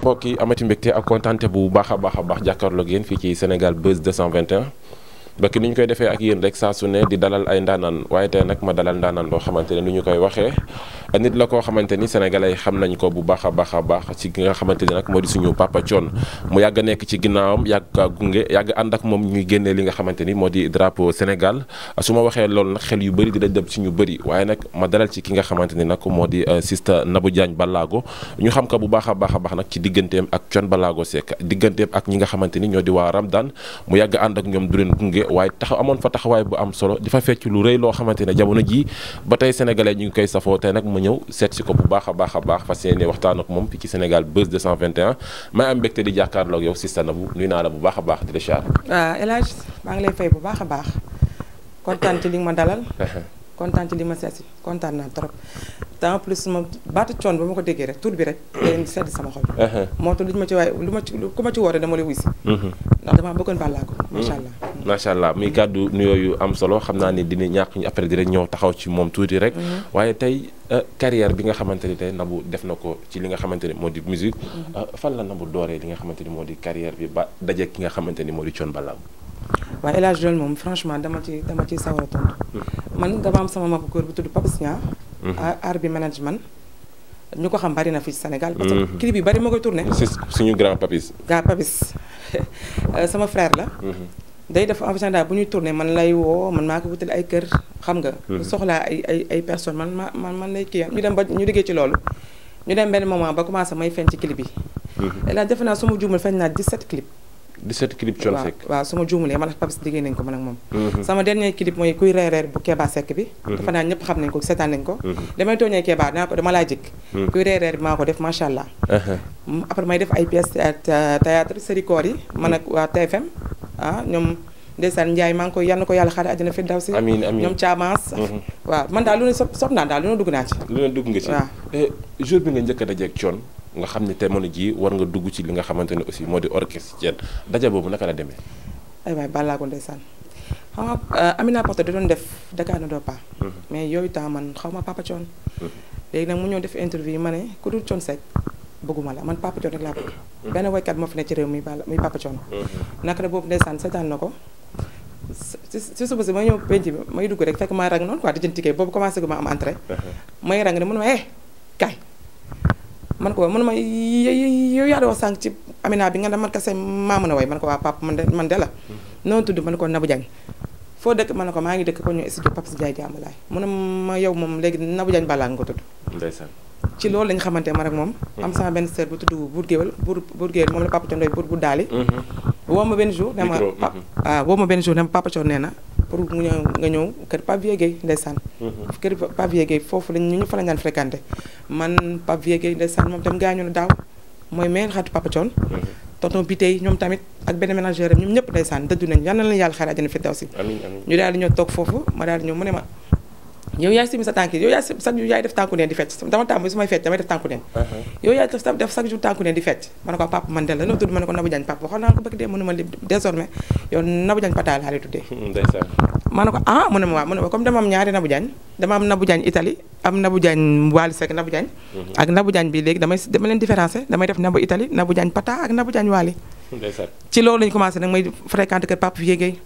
mbokk yi amati mbégte ak kontante bu baax a baax a baax jàkkaarloog yéen fii ci Sénégal Buzz 221 ba ki ni ñu koy defee ak yéen rek saa su ne di dalal ay ndaanaan waaye tey nag ma dalal ndaanaan loo xamante ne ni ñu koy waxee nit la koo xamante ni sénégalais xam nañ ko bu baax a baax a baax ci ki xamante ni nag moo di suñu Papa Thione mu yàgg nekk ci ginnaawam yàgg gunge yàgg ànd moom ñuy génnee li nga xamante ni moo di drapeau Sénégal su ma waxee loolu nag xel yu bëri dina dem ci ñu bëri waaye nag ma dalal ci ki nga xamante ni nag moo di euh, Sista Nabou Diagne Ballago ñu xam ko bu baax a baax a baax nag ci digganteem ak Thione Ballago Seck digganteem ak ñi nga xamante ni ñoo di waa Ramdan mu yàgg ànd ak ñoom du leen gunge waaye tax amoon fa taxawaay bu am solo dafa fa fecc lu rëy loo xamante ne jamono ji ba tey sénégalais ñu ngi koy safoo tey nag ma ñëw seet si ko bu baax a baax a baax fas yéene waxtaan ak moom fii ci Sénégal Buzz 221 may am mbégte di jàkkaarloog yow Sista Nabou nuyu naa la bu baax a baax di la ziar. waaw ah, El Hadj maa ngi lay fay bu baax a baax kontaan ci li nga ma dalal. kontaan ci li ma seet si kontaan naa trop te en plus ma baatu coon ba ma ko déggee rek tur bi rek day sedd sama xol. Uh-huh. moo tax lu ma ci waaye lu ma ci ku ma ci wootee dama lay wuy si. Uh-huh. ndax damaa bëggoon bàllaa ko uh-huh. macha allah. macha allah muy kàddu nuyooyu am solo xam naa ni dina ñàkk ñu après di rek ñëw taxaw ci moom tuuti rek. waaye tey uh, carrière bi nga xamante ni tey Nabou def na ko ci li nga xamante ni moo di musique. Uh, fan la Nabou dooree li nga xamante ni moo di carrière bi ba daje ki nga xamante ni moo di coon bàllaa waaye El Hadj moom franchement dama ci dama ciy sawar a tontu. man dama am sama magu góor bu tudd Papis Niang. Mhm. aar bi management. ñu ko xam bari na fii Sénégal. parce que mhm. yi bari ma koy tourné. suñu grand Papis. grand Papis euh, sama frère la. Mhm. day def en général bu ñuy tourné man lay woo man maa ko wutal ay kër xam nga. soxlaa ay ay ay personnes man ma man man lay kii ñu dem ba ñu liggéey ci loolu. ñu dem benn moment ba commencé may feeñ ci clip yi. El defe naa su ma juumal feeñ naa 17 clip. 17 clip Thione Seck waaw su ma juumulee man ak Papis liggéey nañ ko man ak moom mhm. sama dernier clip mooy kuy reer reer bu Keba Seck bi mhm. dafa naa ñëpp xam nañ ko seetaan nañ ko mhm. damay tooñee Keba naa ko dama laa jëkk kuy maa ko def uh-huh. may def ay pièces théâtre série corps yi man ak waa TFM ah ñoom ndeysaan Ndiaye maa ngi koy yal na ko yàlla xaare àjjana fi daw si amiin amiin ñoom Thiamance waaw man daal lu ne sob sob naa daal lu ne dugg naa ci lu ne dugg nga ci eh, jour bi nga njëkk a dajeeg Thione nga xam ne jamono jii war nga dugg ci li nga xamante ne aussi moo di orchestre daja boobu naka la demee. aywa balaa ko ndeysaan xam nga euh, Amina Porté da doon def Dakar ne dort pas. Mhm. mais yooyu temps man xaw ma Papa Thione. Mhm. léegi nag mu ñëw def interview ma ne ku dul Thione Seck bëgguma la man Papa Thione rek laa bëgg. Mhm. benn woykat moo fi ne ci mi muy Papa Thione. naka la boobu ndeysaan seetaan na ko. si suba si ma ñëw penc may dugg rek fekk maa rang noonu quoi di jënd boobu commencé ko ma am entrée. may rang ne mu man ko man ma yow yaa doon sànq ci Amina bi nga ne man kese maa mën a way man ko waa papa man de man de la. Mm-hmm. noonu tudd man ko Nabou foo dëkk man ne ko maa ngi dëkk ko ñu studio Pape Ndiaye Diamalaye mu ne ma yow moom léegi Nabou Diagne Balla nga ko tudd. ndeysaan. ci loolu lañ xamante man ak moom. Mm-hmm. am sama benn sœur bu tudd Bour Guéweul Bour Bour Guéweul moom la Papa Thione doy Bour bu daali. Mm-hmm. Ah, woo ma benn jour. ne ma Papa Thione nee na pour mu ñëw nga ñëw kër Pape Vieux Guèye ndeysaan mm-hmm. kër Pape Vieux foofu lañ ñu ñu fa lañ daan fréquenté man Pape Vieux Guèye ndeysaan moom tam gaañu na daaw mooy meen xatu Papa Thion mm-hmm. tonton bi tey ñoom tamit ak benn ménagère am ñoom ñëpp ndeysaan dëddu nañ yal na leen yàlla xaare fi daw si ñu daal ñoo toog foofu ma daal di mu ne ma yow yaay simi sa tànk yow yaay def tànku di fecc dama tàmm uh-huh. di fecc dama am ñaari Nabou dama am Nabou Diagne Italie am Nabou Diagne Wally Seck uh-huh. damay def Nabou Italie Nabou ak Nabou Diagne Wally ci loolu lañu commencé nag may fréquenté kër papa Vieux Guèye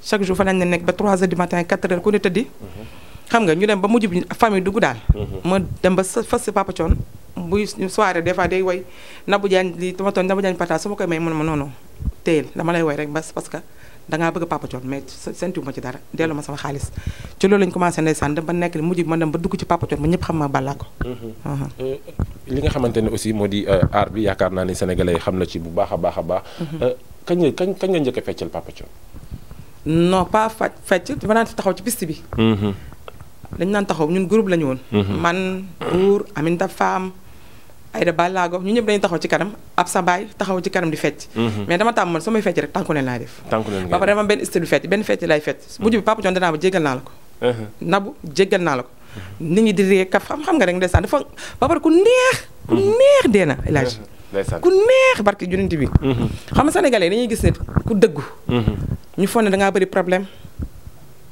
chaque jour fa lañ nekk ba 3 heures du matin 4 heures ku ne tëddi uh-huh. xam nga ñu dem ba mujj bi famille dugg daal. Mhm. ma dem ba sa fas si papa coon buy soirée des fois woy Nabou li dama toon ba nekk mujj bi ma dem ba dugg ci papa coon ba xam ma bàllaa ko. Mhm. Mhm. li nga xamante aussi moo di aar euh, bi yaakaar naa ne sénégalais xam na ci bu baax a baax a baax. Euh, kañ nga kañ kañ nga njëkk a feccal papa coon. non pas fecc dama naan taxaw ci piste bi. dañ naan taxaw ñun groupe la ñu woon. Mhm. man buur Aminta Fam Aïda Balago ñu ñëpp dañuy taxaw ci kanam ab sa taxaw ci kanam di fecc. Mhm. mais dama tàmm man su may fecc rek tànku leen laay def. ba pare dama benn style fecc benn fecc lay fecc. Mhm. mujj bi papa John danaa ba jéggal naa la ko. nabu jéggal naa la ko. nit ñi di ree kaf xam-xam nga rek ndeysaan dafa ba pare ku neex. ku neex dee na laaj. ku neex barki junante bi. xam nga sénégalais dañuy gis ne ku dëggu. ñu foog ne da ngaa bëri problème.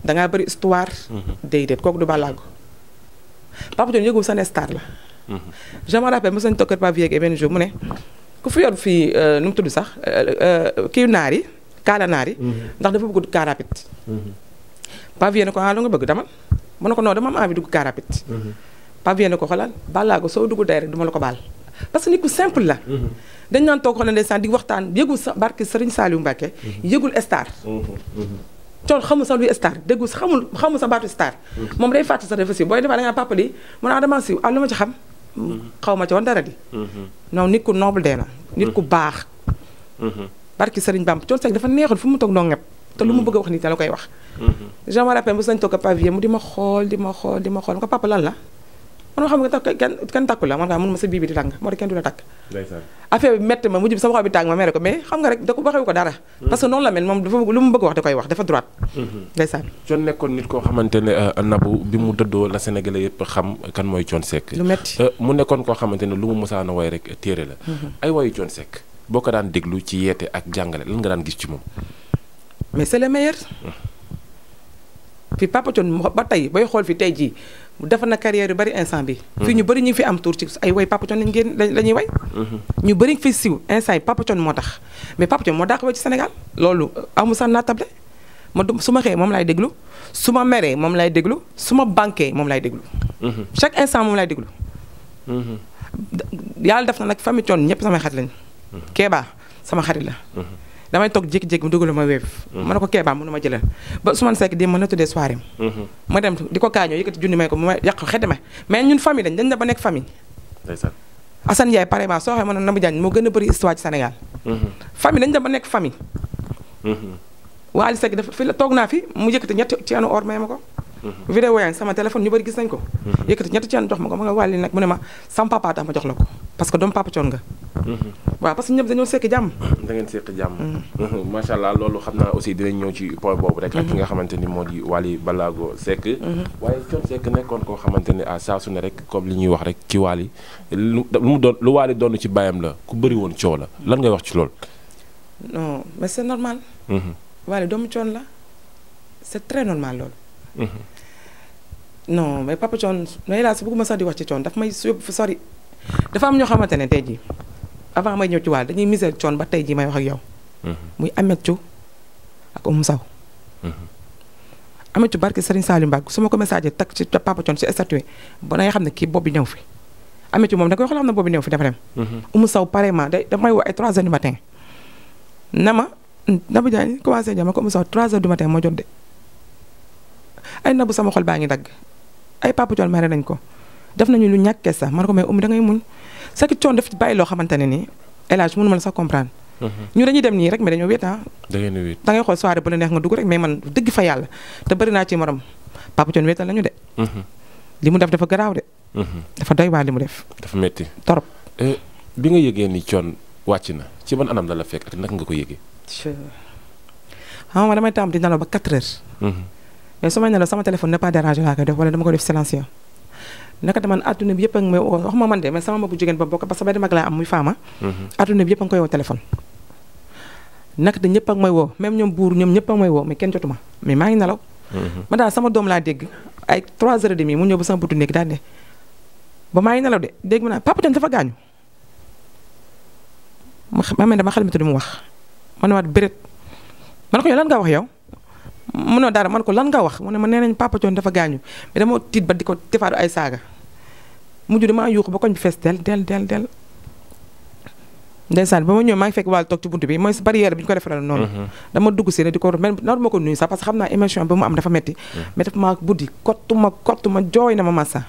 da ngaa bëri histoire. Mhm. déedéet kooku du balaago. Papa Thione yëgul star la. Mhm. je me rappelle mos nañu toog kër Pape Vieux benn jour mu ne ku fi yor fii euh, nu mu tudd sax euh, euh, kii naar yi kaala naar yi. Mhm. ndax dafa bëgg car rapide. Pape ko ah lu nga bëgg dama mu ne ko non dama am envie dugg car rapide. Pape ko xoolal balaago soo dugg day rek duma la ko baal. parce que nit ku simple la. dañ naan toog xoolal ndeysaan di waxtaan yëgul sa barke Serigne Saliou Mbacké. yëgul star. coon xamul sa luy star déggu xamul xamul sa baatu star mm-hmm. moom day fàtte sa dafa siiw booy defaa da ngaa papa mun a ah, dama siiw am ah, la ma ci xam mm-hmm. xaw ma ci woon dara di mm-hmm. non nit ku noble dee na nit ku baax barki Sëriñ Bàmb coon Seck dafa neexoon fu mu toog noo ngepp te lu mu bëgg a wax nit la koy wax je me rappelle bu sañ toog a pavier mu di ma xool di ma xool di ma xool ko papa lan la man xam nga tax kenn kenn takku la man kaa mun ma sa bii bi di tàng moo tax kenn du la takk affaire bi métti ma mujj bi sama xol bi tàng ma mere ko mais xam nga rek mm-hmm. dafa lu mu bëgg wax mm-hmm. nekkoon nit koo xamante ne euh, bi mu dëddoo la Sénégalais yëpp xam kan mooy Thione lu métti euh, mu nekkoon koo xamante lu mu mosaan a way rek téere la mm-hmm. ay wayu Thione boo ko daan déglu ci yeete ak jàngale lan nga daan gis ci moom mais c'est le meilleur mm. fi Papa ba tey bay xool fi tey jii dafa na carrière yu bari instant bi mm-hmm. fii ñu bari ñu fi am tour ci ay way Papa Thione lañ génn la mm-hmm. ñu bëri fi siw instant yi Papa moo tax mais Papa Thione moo dàq way ci Sénégal loolu amul sax naa table ma du su ma xëyee moom laay déglu su ma meree moom laay déglu suma ma banquee moom lay déglu mm-hmm. chaque instant moom laay déglu yàlla def na nag famille Thione ñëpp samay xarit lañ Kéba sama xarit la damay toog jékki-jékki mu dugalu ma wéef mhm. ma ne ko keebaa mënu ma jëlal ba Ousmane Seck di ma mhm. dem di ko kaañoo yëkkati junni may ko mu may yàq xedeme mais ñun famille lañ dañ la ba nekk famille ndeysaan Assane Ndiaye pare ma soo xee a Nabou moo gën a bëri histoire ci Sénégal mhm. famille dañ la ba nekk famille Waly Seck dafa fi la toog naa fi mu yëkkati ñetti ci or may ma ko Mm-hmm. vidéo yaa ngi sama téléphone ñu bari gis nañ ko mm-hmm. yëkkati ñetti ceen jox ma ko ma nga wàlli nag mu ne ma sama papa jox la ko parce que doom papa coon nga mm-hmm. waaw parce que ñëpp dañoo sekki jàmm da ngeen sekki jàmm macha allah loolu xam naa aussi dinañ ñëw ci point boobu rek ak ki nga xamante ni moo di Wally Ballago Seck waaye Thione Seck nekkoon koo xamante ni à saa su ne rek comme li ñuy wax rek ci Wally lu mu doon lu Wally doon ci bàyyam la ku bëri woon coow la lan ngay wax ci loolu non mais c'est normal Wally doomu coon la c'est très normal loolu non mais papa Thione mais là si bëgguma sax di wax ci Thione daf may yóbbu fu sori dafa am ñoo xamante ne tey jii avant may ñëw ci waal dañuy miseel Thione ba tey jii may wax ak yow. Mm-hmm. muy Ameth Thiou ak Oumou Sow. Mm-hmm. Ameth Thiou barke Serigne Saliou Mbacke su ma ko message tag ci papa Thione si statut ba na nga xam ne kii boobu ñëw fi Ameth Thiou moom da koy xool xam ne boobu ñëw fi dafa dem. Mm-hmm. Oumou Sow pareillement day damay woo ay 3 heures du matin na ma Nabou Diagne commencé jàmm ko Oumou Sow 3 heures du matin moo jot de ay nabu sama xol baa ngi dagg. ay Papa Thione mere nañ ko def nañu lu ñàkk sax man ko mais Oumy da ngay muñ sa ki def daf bàyyi loo xamante ne nii El Hadj mënu ma la sax comprendre. Mhm. ñu dañuy dem nii rek mais dañoo wéet ah. da ngeen di wéet da ngay xool soirée bu la neex nga dugg rek mais man dëgg fa yàlla te bari naa ci morom Papa Thione wéetal nañu de. Mhm. li mu def dafa garaaw de. Mhm. dafa doy waar li mu def. dafa metti torop. Eh, bi nga yëgee ni coon wàcc na ci ban anam la la fekk ak naka nga ko yëgee. xam ah, nga damay tàmm di nelaw ba 4 mais su ma ne sama téléphone ne pas déranger koy def wala dama ko def silencieux naka de man adduna bi yëpp a ngi wax ma man de mais sama magu jigéen ba bokk parce que benn mag laa am muy faama. Mhm. adduna bi ñëpp a may woo même ñoom buur ñoom ñëpp a ngi may woo mais kenn jotuma mais maa ngi nelaw. Mhm. man daal sama doom laa dégg ay 3 heures et demie mu ñëw ba sama buntu nekk ba maa ngi nelaw de dégg ma naa papa dafa gaañu. ma xam ma mi te xel mu wax man waat bëreet man ko yow nga wax yow. mënoo dara man ko lan nga wax mu ne ma nee nañ papa Thione dafa gaañu mais dama tiit ba di ko defaatu ay saaga mujj damaa yuuxu ba koñ bi fees del del del del ndeysaan ba ma ñëw maa ngi fekk wàll toog ci buntu bi mooy barrière bi ñu ko defaral noonu mhm. dama dugg si ne di ko mel nar ma ko nuyu sax parce xam naa émission bi mu am dafa metti mhm. mais daf maa buddi kottu ma kottu ma jooy na ma massa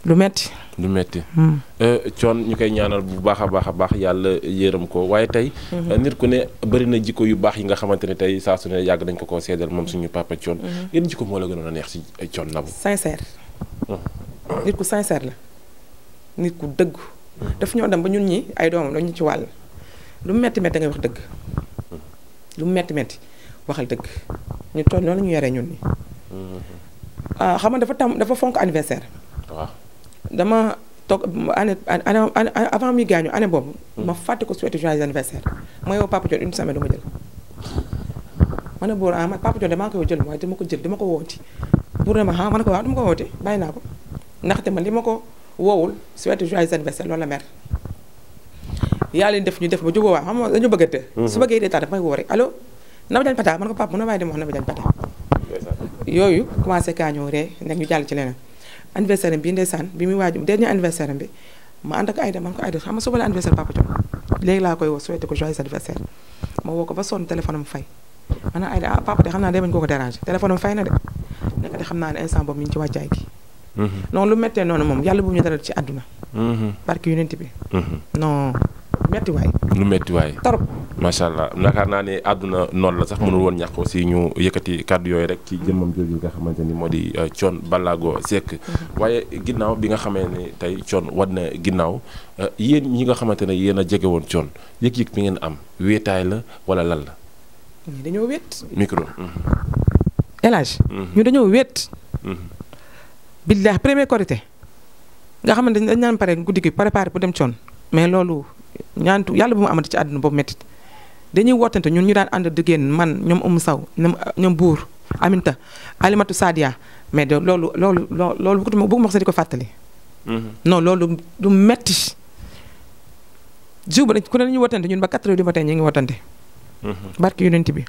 lu metti lu metti coon hmm. eh, ñu koy ñaanal bu baax a baax a baax yàlla yërëm ko waaye tey hmm. eh, nit ku ne bëri na jikko yu baax yi nga xamante ne tey saa su ne yàgg nañ ko koo seedal moom suñu papa coon hmm. yéen jikko moo la gënoon a neex si coon eh, nabu sincère nit ku sincère la nit ku dëgg daf ñoo dem ba ñun ñi ay doomam dañu ci wàll lu metti metti da ngay wax dëgg lu metti metti waxal dëgg ñu toon noonu ñu yoree ñun ñi ah, xam nga dafa tam dafa fonk anniversaire waaw dama toog année avant muy gaañu année boobu. Hmm. ma fàtte ko souhaité joyeux anniversaire. ma yow Papa Diop une semaine du ma jël. ma ne Bour ah man Papa Diop damaa koy jël waaye ko jël dama ko wooti. Bour ne ma ah ma ne ko waaw dama ko wooti bàyyi li ma ko woowul souhaité joyeux anniversaire loolu la mer. yaa leen def ñu def ba jubóo waaw xam nga dañu bëgg a hmm. su bëggee reetaan daf may woo rek allo. Naba Diagne Pata ma ne ko Papa mu ne waaye dama wax Naba Diagne Pata. yooyu commencé kaa ñëw ree nekk ñu jàll ci leneen. anniversaire bi ndeysaan bi muy waaju dernier anniversaire bi ma ànd ak Aïda man ko Aïda xam nga suba la anniversaire papa Diop léegi laa koy woo souhaité ko joyeux anniversaire ma woo ko ba sonn téléphone fay man naa Aïda ah papa de xam naa day bañ koo ko déranger téléphone fay na de nekk de xam naa ne instant boobu mi ngi ci wàccaay gi mhm. non lu méttee noonu moom yàlla bu ñu dara ci àdduna mhm. barki yonent bi mhm. metti waay. lu metti waay. trop macha allah yaakaar naa ne àdduna noon la sax mënul woon ñàkk aussi ñu yëkkati kàddu yooyu rek ci jëmmam jooju nga xamante ni moo di euh, Thione Ballago Seck mm-hmm. waaye ginnaaw bi nga xamee ne tey Thione wad na ginnaaw euh, yéen ñi nga xamante ne yéen a jege woon Thione yëg-yëg bi ngeen am wéetaay la wala lan la. ñu dañoo wéet. micro. Mm-hmm. El Hadj. Mm-hmm. ñu dañoo wéet. billaah premier korité nga xamante ni dañ naan pare guddi gi préparé bu dem Thione mais loolu. ñaantu yàlla bu mu amati ci àdduna boobu métti dañuy wootante ñun ñu daan ànd dëggeen man ñoom Oumou Sow ñoom ñoom Buur Aminta Alimatu Sadia mais de loolu loolu loolu bëgguma bëgguma wax sax ko fàttali. Mm-hmm. non loolu du metti jiw ba ku ne dañuy wootante ñun ba ñu ngi wootante. Mm-hmm. barke yonent bi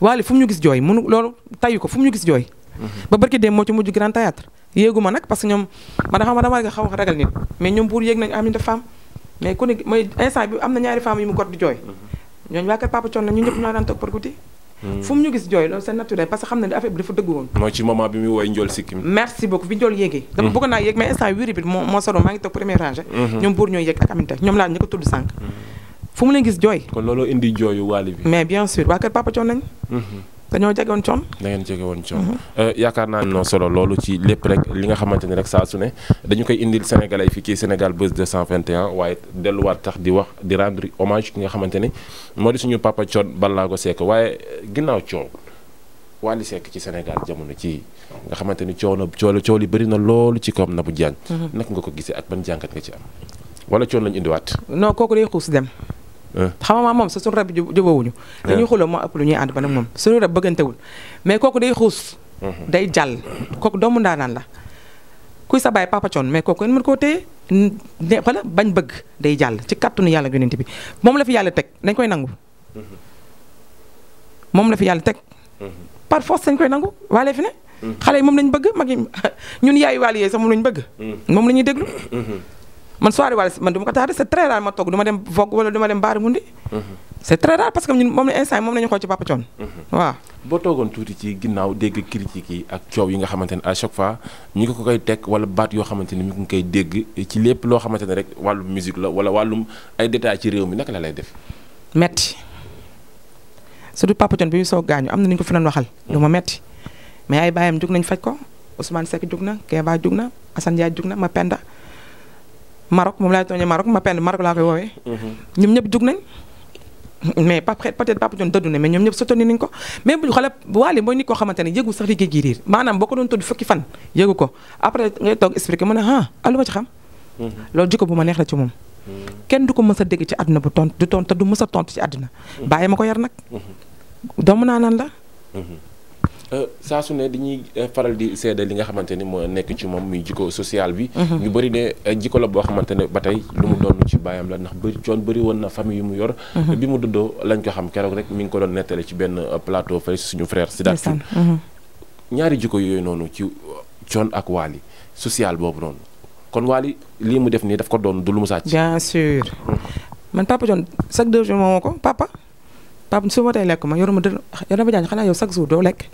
waale fu mu ñu gis jooy mënu loolu tayu ko fu mu ñu gis jooy. Mm-hmm. ba barki dem moo ci mujj grand théâtre yéegu ma nag parce que ñoom man xam ma dama xaw ragal nit mais ñoom buur yéeg nañu Aminta Fam mais ku ne mooy instant bi am na ñaari femmes yu mu gor di jooy waa kër Papa Thione la ñu ñëpp ñoo daan toog par guddi hmm. fu mu ñu gis jooy loolu c'est naturel parce que xam na ne affaire bi dafa dëgg woon mooy ci moment bi muy woy njool sikki merci beaucoup bi njool yéegee dama hmm. bëgg naa yéeg mais instant wiri moo solo maa ngi toog premier rangé hmm. ñoom buur ñooy yéeg ak Aminta ñoom laa ñu ko tudd sànq fu mu leen gis jooy kon looloo indi jooyu waali bi mais bien sûr dañoo jege woon coon. da ngeen jege woon coon. Mhm. Euh, yaakaar naa ne solo loolu ci lépp rek li nga xamante ni rek saa su ne dañu koy indil Sénégalais fii ci Sénégal Buzz 221 waaye delluwaat tax di wax di rendre hommage ki nga xamante ni moo di suñu papa Thione Ballago Seck waaye ginnaaw coow Wally sekk ci Sénégal jamono ci nga xamante ni coow na coow coow li bëri na loolu ci na Nabou Diagne. Mhm. naka nga ko gisee ak ban jàngat nga ci am. wala coon lañu indiwaat. non kooku day xuus dem. xama ma moom sa suñu rab jubawuñu eh. dañuy xuloo moo ëpp lu ñuy ànd ba nag moom suñu rab bëggantewul mais kooku day xuus mm-hmm. day jàll kooku doomu ndaanaan la kuy sa baay papa coon mais kooku en ma koo téye ne bañ bëgg day jàll ci kàttanu yàlla yonent bi moom la fi yàlla teg dañ koy nangu mm-hmm. moom la fi yàlla teg mm-hmm. par force dañ koy nangu waalee fi ne xale yi moom lañ bëgg mag ñun yaayu waale yee sax moom lañ bëgg moom la ñuy déglu man soirée wala man du ma ko tardé c' est très rare ma toog du ma dem vogue wala du dem baari mundi mhm. c' est très parce que ñun moom la instant yi moom la ñu xool ci Papa Thione mhm. boo toogoon tuuti ci ginnaaw dégg critiques yi ak coow yi nga xamante ne à chaque fois ñu ngi ko koy teg wala baat yoo xamante ne mi ngi koy dégg ci lépp loo xamante ne rek wàllum musique la wala wàllum ay détails ci réew mi naka la lay def metti surtout Papa bi soo soog gaañu am na ñu ko fi doon waxal mhm. lu ma metti mais ay bàyyam jug nañ faj ko Ousmane Seck jug na Kéba jug na Assane Ndiaye jug na Mapenda Maroc moom laay tooñee Maroc ma pend Maroc laa koy woowee. Mhm. ñoom ñëpp jug nañ. mais pas peut-être Papa Thione dëddu na mais ñoom ñëpp soutenir nañ ko même bu xale waale mooy nit koo xamante ne yëgu sax li géej gi riir maanaam boo ko doon tudd fukki fan yëgu ko après ngay toog expliqué mu ne ah ah lu ma ci xam. Mhm. loolu jikko bu ma neex la ci moom. Mhm. kenn du ko mës a dégg ci àdduna bu tont du tont du mës a tont ci àdduna. bàyyi ma ko yar nag. doomu naa naan la. Euh, saa su ne dañuy euh, faral di seede li nga xamante ni moo nekk ci moom muy jikko social bi. Mhm. ñu bëri ne euh, jikko la boo xamante ne ba tey lu mu doon ci bàyyam la ndax bëri coon bëri woon na famille yu mu yor. Mhm. bi mu duddoo lañ ko xam keroog rek mi ngi ko doon nettale ci benn plateau fay suñu frère Sidath Thioune. Mhm. ñaari jikko yooyu noonu ci coon ak Wally social boobu noonu kon Wally lii mu def nii daf ko doon du lu mu sàcc. bien sûr man papa Thione chaque deux papa su ma tey lekk ma yoruma dë yoruma jaañ xanaa yow chaque jour doo lekk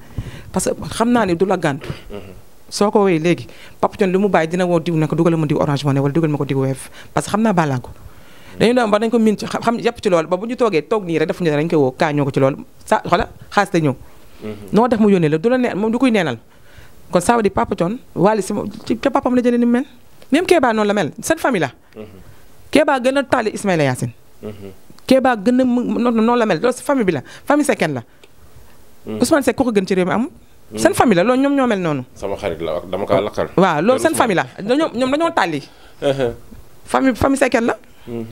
parce que xam naa ne du la gàntu. Mm-hmm. soo ko wooyee léegi papa Thione lu mu bàyyi dina woo diw ne ko dugal ma diw orange money wala dugal ma ko diw weef parce que xam naa bàllaa ko mm-hmm. dañu doon ba dañ ko miin ci xam yàpp ci lool ba bu ñu toogee toog nii rek defuñu dañ koy woo kaa ñoo ko ci lool sa xoola xaas te ñëw mm-hmm. noo def mu yónnee la du la neen moom du koy neenal kon ça veut dire papa Thione Wally si ci ca papam la jëlee ni mu mel même Kéba noonu la mel cette famille la Kéba gën a taali Ismaïla Yacine Kéba gën a mën noonu noonu la mel loolu si bi la famille Seckène la. Hmm. Ousmane Seck ku ko gën ci réew mi am hmm. seen famille la loolu ñoom ñoo mel noonu. sama xarit la wax dama kaa lakkal. waaw loolu seen famille la dañoo ñoom dañoo tàlli. famille famille Seckène la. Hmm,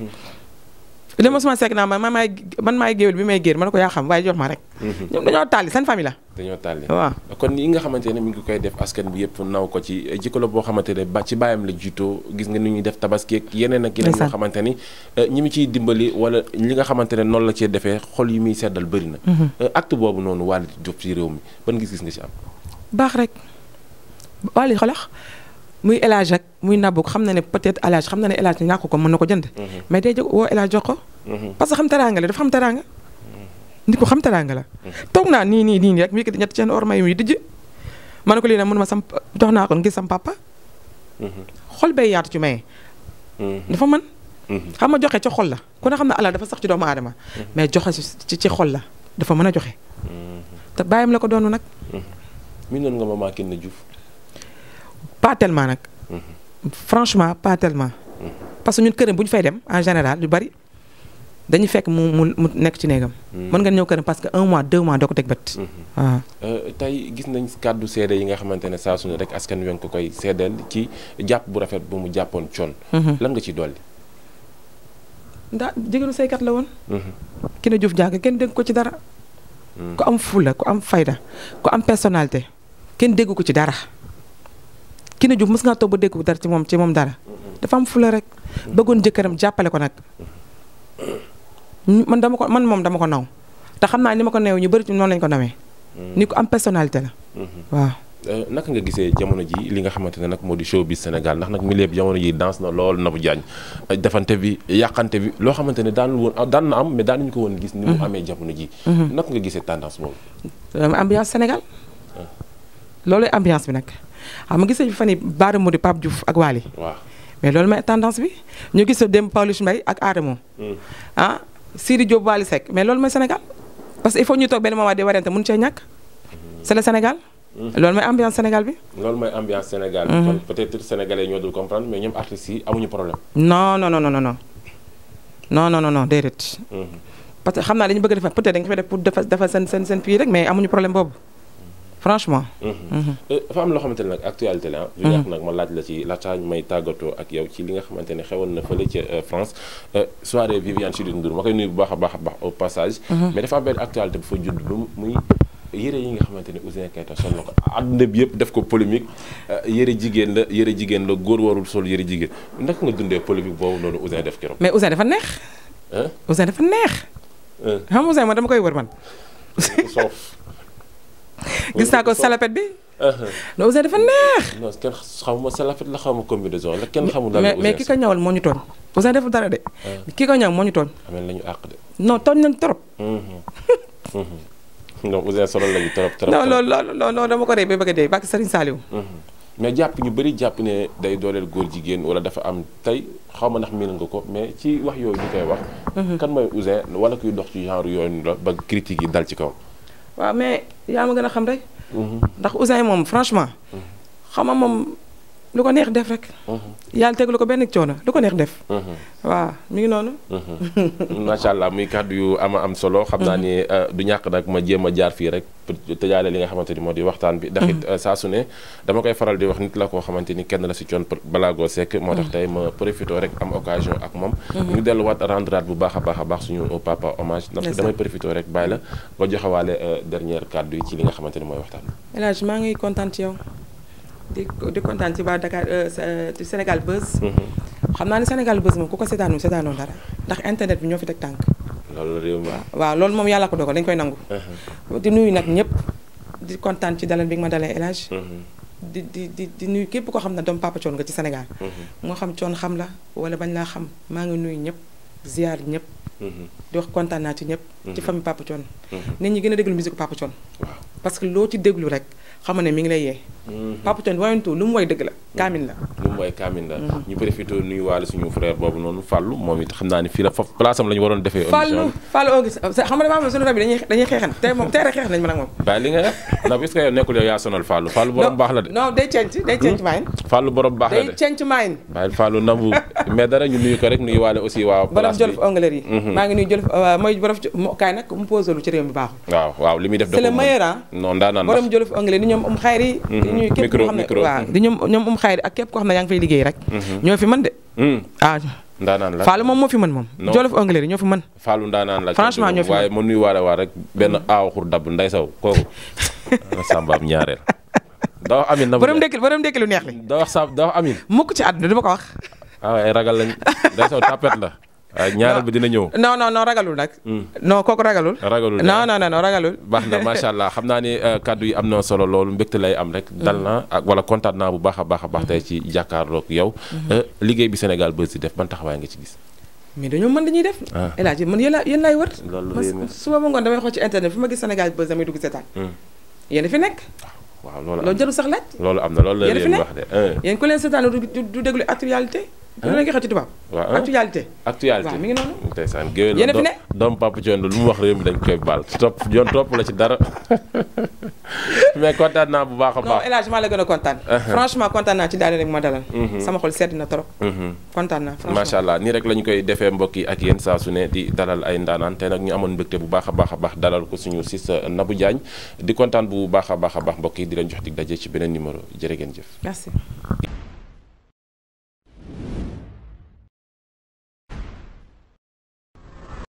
li ma suma seeg naa man man maay géwél bi may géer ma ne ko yaa xam waaye jox ma rek. Mhm. ñoom dañoo tàlli seen famille la. dañoo tàlli waaw kon yi nga xamante ne mi ngi koy def askan bi yëpp naw ko ci eh, jikko la boo xamante ba ci bàyyam la jiitoo gis nga ni ñuy def tabaski ak eh, ñi mu ciy dimbali wala li nga xamante ne noonu cee defee xol yi muy seddal bëri na. Mhm. Eh, acte boobu noonu Wally Diop ci réew mi ban gis-gis nga ci am. baax rek Wally xolax muy El Hadj ak muy Nabou xam na ne peut-être El Hadj xam na ne El Hadj ñàkk ko mën na ko jënd. Mhm. mais day jóg woo El Hadj ko Mm-hmm. parce que xam teraanga la dafa xam teraanga. Mm-hmm. nit ku xam teraanga la. Mm-hmm. toog naa nii nii nii rek mu yëkkati ñetti seen or may muy dijj ma ne ko lii nag ma sam jox naa ko ngir sam papa. xol bay yaatu ci maye. dafa mën. xam nga joxe ci xol la ku ne xam ne alal dafa sax ci doomu aadama. mais joxe ci ci xol la dafa mën a joxe. te bàyyam la ko doonu nag. mi noon nga maman nag. franchement pas tellement. parce que ñun këram bu ñu fay dem en général yu bari. dañu fekk mu mu mu nekk ci néegam. Hmm. mën nga ñëw këram parce que un mois de mois doo ko teg bët. waaw hmm. ah. euh, tey gis nañ kàddu seede yi nga xamante ne saa su ne rek askan wi ko koy seedeel ci jàpp bu rafet bu mu jàppoon coon. Hmm. lan nga ci dolli. ndax jigéenu saykat la woon. ki ne Diouf kenn dégg ko ci dara. ku am fulla ku am fayda ku am personnalité kenn dégg ko ci dara. ki ne mës ngaa toog ba dégg ko dara ci moom ci moom dara. dafa am fulla rek. bëggoon jëkkëram jàppale ko nag. man dama ko man moom dama ko naw te xam naa ni ma ko neew ñu bëri ci noonu lañ ko nawee. Mm. ni ko am personnalité la. Mm-hmm. waaw. Euh, naka nga gisee jamono ji li nga xamante ne nag moo di show bi Sénégal ndax nag milieu bi jamono ji danse na lool Nabou Diagne euh, defante bi yàqante bi loo ne daan woon ah, daan na am mais daan nañu ko woon gis. ni mu mm-hmm. amee jamono ji mm-hmm. naka nga gisee tendance boobu. Euh, ambiance Sénégal. Ah. loolu ambiance bi nag xam ah, nga gisee fan yii Baara Mouride Pape Diouf ak Waly. waaw mais loolu mooy tendance bi ñu gis dem Pawlish Mbaye ak Adamo mm. ah. Sidi Diop Wally Seck mais loolu mooy Sénégal parce que il faut ñu toog benn moment di warante mun cee ñàkk c'est le Sénégal. Mm-hmm. loolu Sénégal bi. loolu mooy ambiance Sénégal bi. Mm-hmm. kon peut-être sénégalais ñoo dul comprendre mais ñoom artistes yi amuñu problème. non non non non non non non non non mm-hmm. parce que xam naa dañu bëgg a peut-être dañu ko def pour defar defar seen seen seen rek mais amuñu problème boobu. franchement. Mhm. Mhm. Euh, dafa am loo xamante ne nag actualité la ah. nag ma laaj la ci laataa may tàggatoo ak yow ci li nga xamante ne xewoon na fële ca euh, France euh, soirée Viviane Chidid Ndour ma koy nuyu baax a baax a baax au passage. mais dafa am actualité bu fa judd ba muy yére yi nga xamante ne Ouzin Keita sol na ko àdduna bi yëpp def ko polémique yére jigéen la yére jigéen la góor warul sol yére jigéen naka nga dundee polémique boobu noonu Ouzin def keroog. mais Ouzin dafa neex. Ouzin dafa neex. gis naa ko salapet bi. Uh-huh. non Ouzin dafa neex. non kenn xamuma salapet la xamuma combinaison la kenn xamul. mais mais ki ko ñawal moo ñu tooñ. Ouzin dafa dara de. Uh-huh. ki ko ñaw moo ñu tooñ. amee lañu àq de. non tooñ nañ trop. Uh-huh. non Ouzin solo lañu trop trop. non loolu loolu loolu dama ko dee ba bëgg a dee bàkk Serigne Saliou. mais jàpp ñu bëri jàpp ne day dooleel góor jigéen wala dafa am tey xaw ma ndax miin nga ko mais ci wax yooyu ñu koy wax. kan mooy Ouzin wala kuy dox ci genre yooyu la ba critique yi dal ci kaw waaw mais yaa ma gën a xam rek. Mhm. ndax Ouzin moom franchement. Mhm. xam nga moom lu ko neex def rek. Mhm. yàlla teglu ko benn coono lu ko neex def. Mhm. waaw ngi noonu. Mhm. macha allah muy kàddu yu ama am solo. xam naa ni euh, du ñàkk nag ma jéem a jaar fii rek pour tëjaale li nga xamante ni moo di waxtaan bi. ndax euh, saa su ne dama koy faral di wax nit la koo xamante ni kenn la si coon balaago sekk. moo tax tey ma profité rek am occasion ak moom. ñu delluwaat rendraat bu baax a baax a baax suñu papa hommage. ndax damay profité rek bàyyi la nga joxewaale euh, dernière kàddu yi ci li nga xamante ni mooy waxtaan bi. El maa ngi kontaan yow. di di kontaan ci waa Dakar euh, ci Sénégal Buzz. Mhm. xam naa ne Sénégal Buzz moom ku ko seetaanul seetaanoon dara ndax internet bi ñoo fi teg tànk. loolu réew mi waaw loolu moom yàlla ko dogal dañ koy nangu. Mhm. di nuyu nag ñëpp di kontaan ci dalal bi nga ma dalee El Hadj mhm. di di di di nuyu képp koo xam ne doom papa coon nga ci Sénégal. moo xam coon xam la wala bañ laa xam maa ngi nuyu ñëpp ziar ñëpp. di wax kontaan naa ci ñëpp. ci famille papa coon. nit ñi gën a déglu musique papa coon. waaw xam ne mi ngi lay yee. Mhm. Pape Thione wayantu lu mu woy dëgg la kaamin la. lu mu woy kaamin la. Mhm. ñu profité nuyuwaale suñu frère boobu noonu Fallou moom it xam naa ne fii la foofu place waroon defee. Fallou Fallou yi dañuy dañuy baax la de. non day hmm? baax la de day cenc maayin. dara ñu nuyu ko rek aussi waa. place hmm. maa ngi nuyu Jolof euh, mooy borom kaay nag mu posé lu ci réew mi waaw waaw li def da ko moom c'est le meilleur ah. non ñoom um xayri mm-hmm. di ñuy képp koo xam ne waaw di ñoom ñoom um xayri ak képp koo xam ne yaa ngi fay liggéey rek mm-hmm. ñoo fi mën de mm. ah ndaanaan la Fallou moom moo fi mën moom jolof anglais ñoo fi mën Fallou ndaanaan la franchement ñoo fi waaye mën nuy waare waar rek benn mm. aawaxur dabb nday saw kooku ah, sambaam ñaareel da wax amin na borom dëkk borom dëkk lu neex li da wax sa da wax amin mukk ci àdduna dama ko wax ah, waaw ay ragal lañ nday saw tapet la Ah, ñaareel bi dina ñëw. non non non ragalul nag. Hmm. non kooku ragalul. ragalul non non non ragalul. baax na macha allah xam naa ni euh, kàddu yi am na solo loolu mbégte lay am rek. Hmm. dal na ak wala kontaan naa bu baax a baax a baax hmm. tey ci jàkkaarloog yow. Euh, liggéey bi Sénégal Buzz di def ban taxawaay ngi ci gis. mais dañoo mën dañuy def. Ah. El Hadj man yéen la yéen laay wër. loolu suba ba ngoon damay xool ci internet fu ma gis Sénégal Buzz damay dugg seetaan. yéen fi nekk. waaw loolu am loolu jarul sax laaj. loolu am na loolu la leen wax de yéen ku leen du déglu actualité dina leen koy xëcc tubaab. waaw actualité. actualité mi ngi noonu. ndeysaan géwél yéen a fi ne lu mu wax réew mi dañ koy baal topp yoon topp la ci dara mais kontaan naa bu a baax. non El a kontaan. Uh-huh. franchement kontaan naa ci daal rek ma dalal. Mhm. sama na trop. Mhm. kontaan naa franchement macha allah rek la ñu koy defee mbokk yi ak yéen saa su ne di dalal ay ndaanaan te nag ñu amoon mbégte bu baax a baax a baax dalal ko suñu sis uh, Nabou Diagne di kontaan bu baax a baax a baax mbokk yi di leen jox dig daje ci beneen numéro jërë ngeen jëf. merci.